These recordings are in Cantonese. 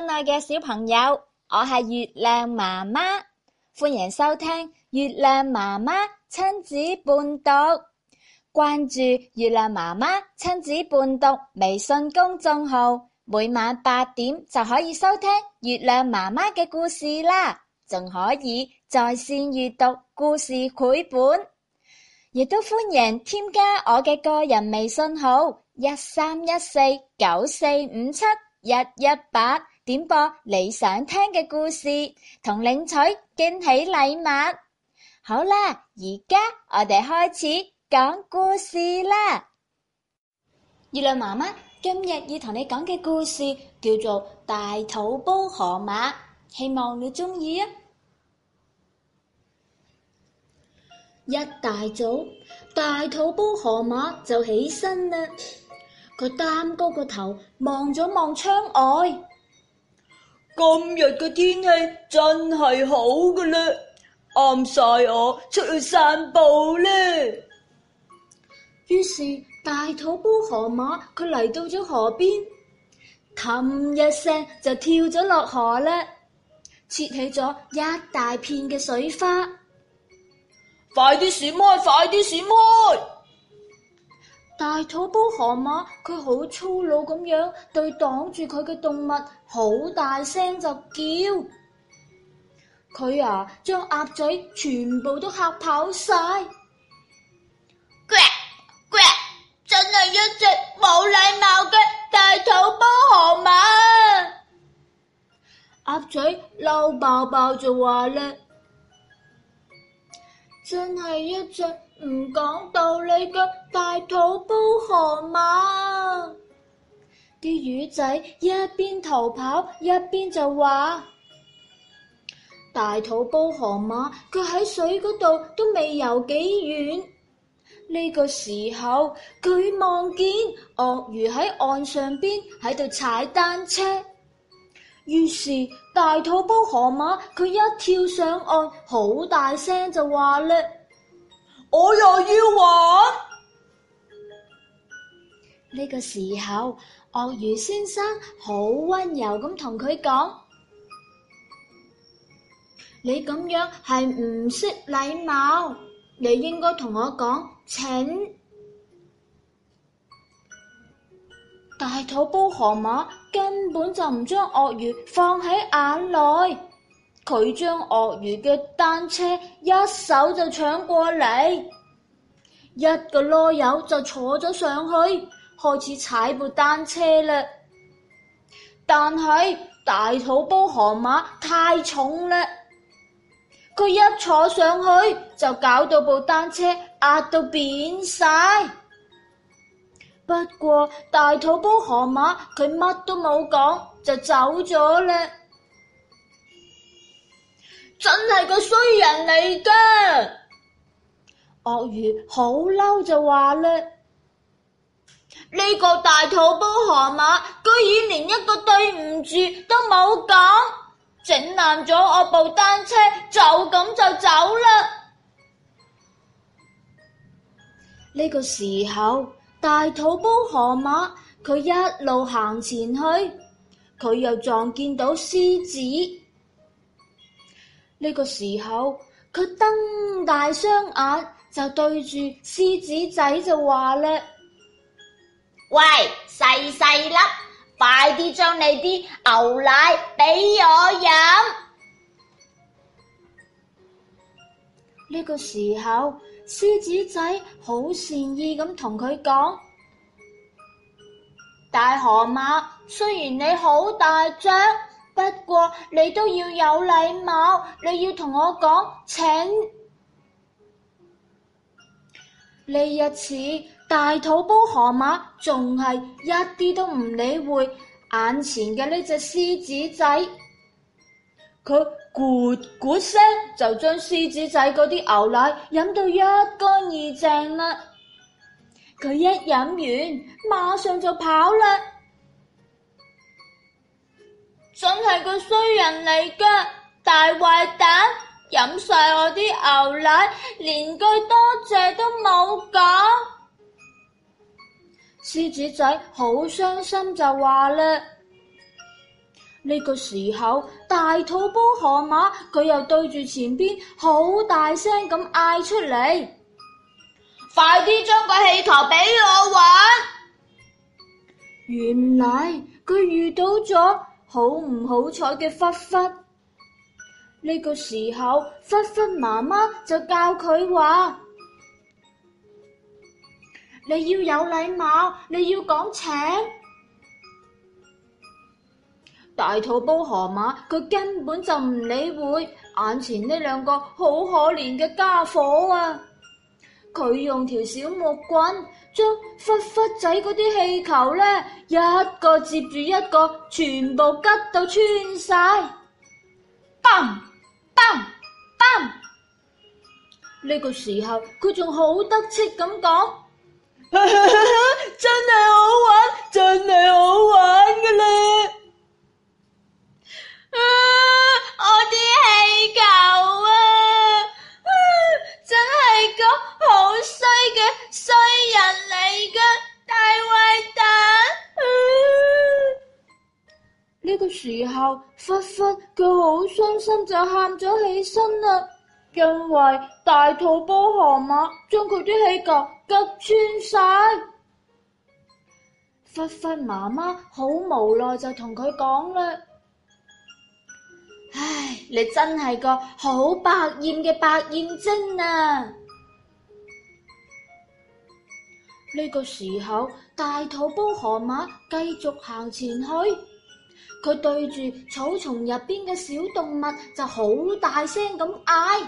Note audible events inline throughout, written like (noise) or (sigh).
親愛嘅小朋友，我係月亮媽媽，歡迎收聽月亮媽媽親子伴讀。關注月亮媽媽親子伴讀微信公眾號，每晚八點就可以收聽月亮媽媽嘅故事啦，仲可以在綫閱讀故事繪本，亦都歡迎添加我嘅個人微信號一三一四九四五七一一八。點播你想聽嘅故事，同領取驚喜禮物。好啦，而家我哋開始講故事啦。月亮媽媽今日要同你講嘅故事叫做《大肚煲河馬》，希望你中意啊！一大早，大肚煲河馬就起身啦。佢擔高個頭望咗望窗外。今日嘅天氣真係好嘅咧，啱晒我出去散步咧。於是大肚煲河馬佢嚟到咗河邊，唞一聲就跳咗落河咧，切起咗一大片嘅水花。快啲閃開！快啲閃開！大肚煲河馬佢好粗魯咁樣對擋住佢嘅動物，好大聲就叫，佢啊將鴨仔全部都嚇跑晒。呱呱！真係一隻冇禮貌嘅大肚煲河馬。鴨仔嬲爆爆就話咧，真係一隻。唔講道理嘅大肚煲河馬。啲魚仔一邊逃跑一邊就話：大肚煲河馬佢喺水嗰度都未游幾遠。呢個時候佢望見鱷魚喺岸上邊喺度踩單車，於是大肚煲河馬佢一跳上岸，好大聲就話咧，我又要玩呢個時候，鱷魚先生好温柔咁同佢講： (noise) 你咁樣係唔識禮貌，你應該同我講請。 (noise) 大肚煲河馬根本就唔將鱷魚放喺眼內。佢將鱷魚嘅單車一手就搶過嚟，一個囉柚就坐咗上去，開始踩部單車啦。但係大肚煲河馬太重啦，佢一坐上去就搞到部單車壓到扁晒。不過大肚煲河馬佢乜都冇講就走咗啦。真係個衰人嚟噶！鱷魚好嬲，就話啦，呢個大肚煲河馬居然連一個對唔住都冇講，整爛咗我部單車就咁就走啦！呢個時候，大肚煲河馬佢一路行前去，佢又撞見到獅子。呢個時候，佢瞪大雙眼就對住獅子仔就話咧：喂，細細粒，快啲將你啲牛奶俾我飲！呢個時候，獅子仔好善意咁同佢講： (laughs) 大河馬雖然你好大張，不過你都要有禮貌，你要同我講請。呢一次大肚煲河馬仲係一啲都唔理會眼前嘅呢隻獅子仔，佢咕咕聲就將獅子仔嗰啲牛奶飲到一乾二淨啦。佢一飲完，馬上就跑啦。衰人嚟嘅大壞蛋，飲晒我啲牛奶，連句多謝都冇講。獅子仔好傷心就話咧，呢 (noise) 個時候大肚煲河馬佢又對住前邊好大聲咁嗌出嚟： (noise) 快啲將個氣球俾我玩！ (noise) 原來佢遇到咗。好唔好彩嘅狒狒，呢個時候狒狒媽媽就教佢話：你要有禮貌，你要講請。大肚煲河馬佢根本就唔理會眼前呢兩個好可憐嘅家伙啊！佢用條小木棍將忽忽仔嗰啲氣球咧一個接住一個，全部吉到穿晒，嘣嘣嘣！呢個時候佢仲好得戚咁講， (laughs) 真係好玩，真係好玩噶啦！呢個時候，忽忽佢好傷心，心，就喊咗起身啦。因為大肚煲河馬將佢啲氣球夾穿晒，忽忽媽媽好無奈就同佢講啦： (laughs) 唉，你真係個好百厭嘅百厭精啊！呢個時候，大肚煲河馬繼續行前去。佢對住草叢入邊嘅小動物就好大聲咁嗌，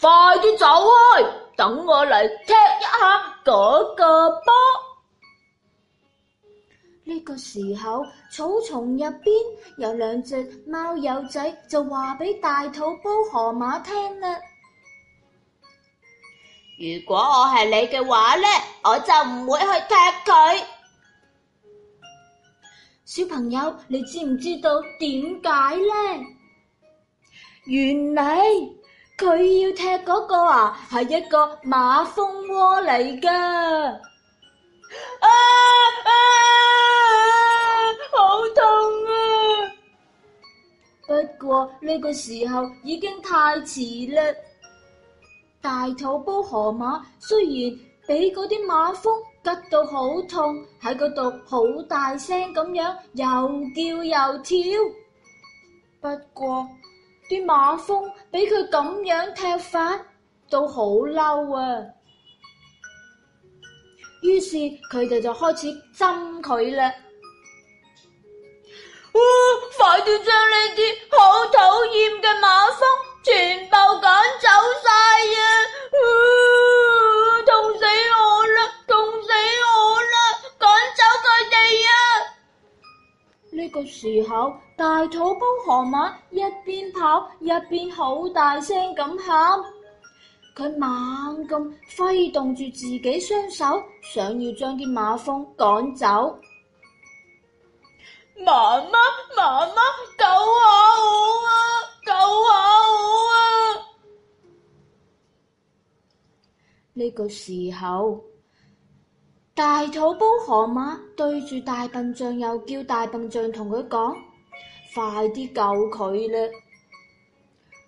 快啲走開，等我嚟踢一下嗰個波！呢個時候，草叢入邊有兩隻貓友仔就話俾大肚煲河馬聽啦，如果我係你嘅話咧，我就唔會去踢佢。小朋友，你知唔知道點解咧？原來佢要踢嗰個啊，係一個馬蜂窩嚟噶。啊啊好痛啊！ (laughs) 不過呢個時候已經太遲嘞。大肚煲河馬雖然俾嗰啲馬蜂。吉到好痛，喺嗰度好大聲咁樣又叫又跳。不過啲馬蜂俾佢咁樣踢返，都好嬲啊！於是佢哋就開始針佢啦。哇！快啲將呢啲好討厭嘅馬蜂全部趕走！時候，大肚煲河馬一邊跑一邊好大聲咁喊，佢猛咁揮動住自己雙手，想要將啲馬蜂趕走。媽媽媽媽救下我啊！救下我啊！呢個時候。大肚煲河馬對住大笨象又叫大笨象同佢講，快啲救佢啦！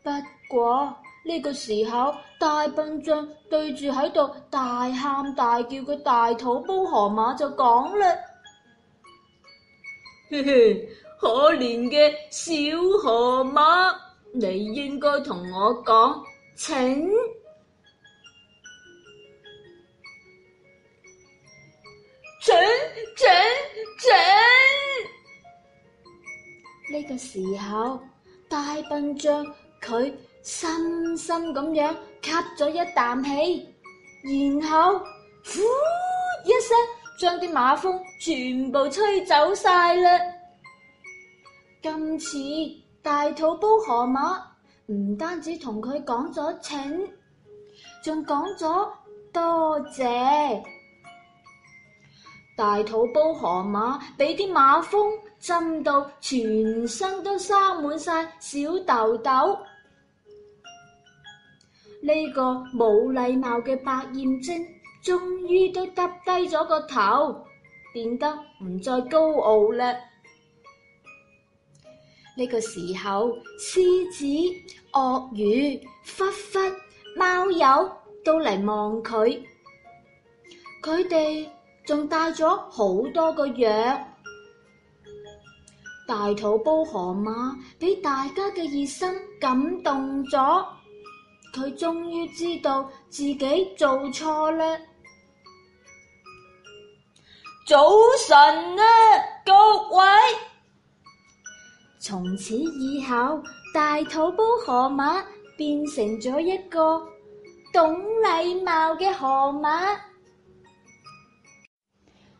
不過呢個時候，大笨象對住喺度大喊大叫嘅大肚煲河馬就講啦：嘻嘻，可憐嘅小河馬，你應該同我講，請。請請請，呢個時候，大笨象佢深深咁樣吸咗一啖氣，然後呼一聲，將啲馬蜂全部吹走晒啦。今次大肚煲河馬唔單止同佢講咗請，仲講咗多謝。大肚煲河馬俾啲馬蜂浸到，全身都生滿晒小痘痘。呢個冇禮貌嘅白燕精終於都耷低咗個頭，變得唔再高傲啦。呢個時候，獅子、鰐魚、狒狒、貓友都嚟望佢，佢哋。仲帶咗好多個藥，大肚煲河馬俾大家嘅熱心感動咗，佢終於知道自己做錯啦。早晨啊，各位！從此以後，大肚煲河馬變成咗一個懂禮貌嘅河馬。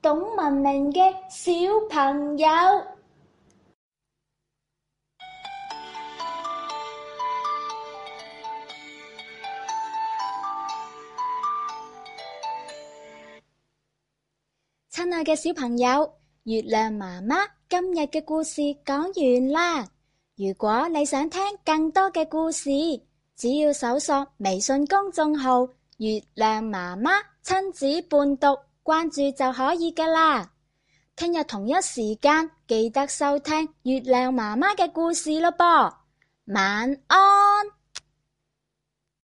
懂文明嘅小朋友，親愛嘅小朋友，月亮媽媽今日嘅故事講完啦。如果你想聽更多嘅故事，只要搜索微信公眾號“月亮媽媽親子伴讀”。關注就可以㗎喇，聽日同一時間記得收聽月亮媽媽嘅故事咯噃，晚安。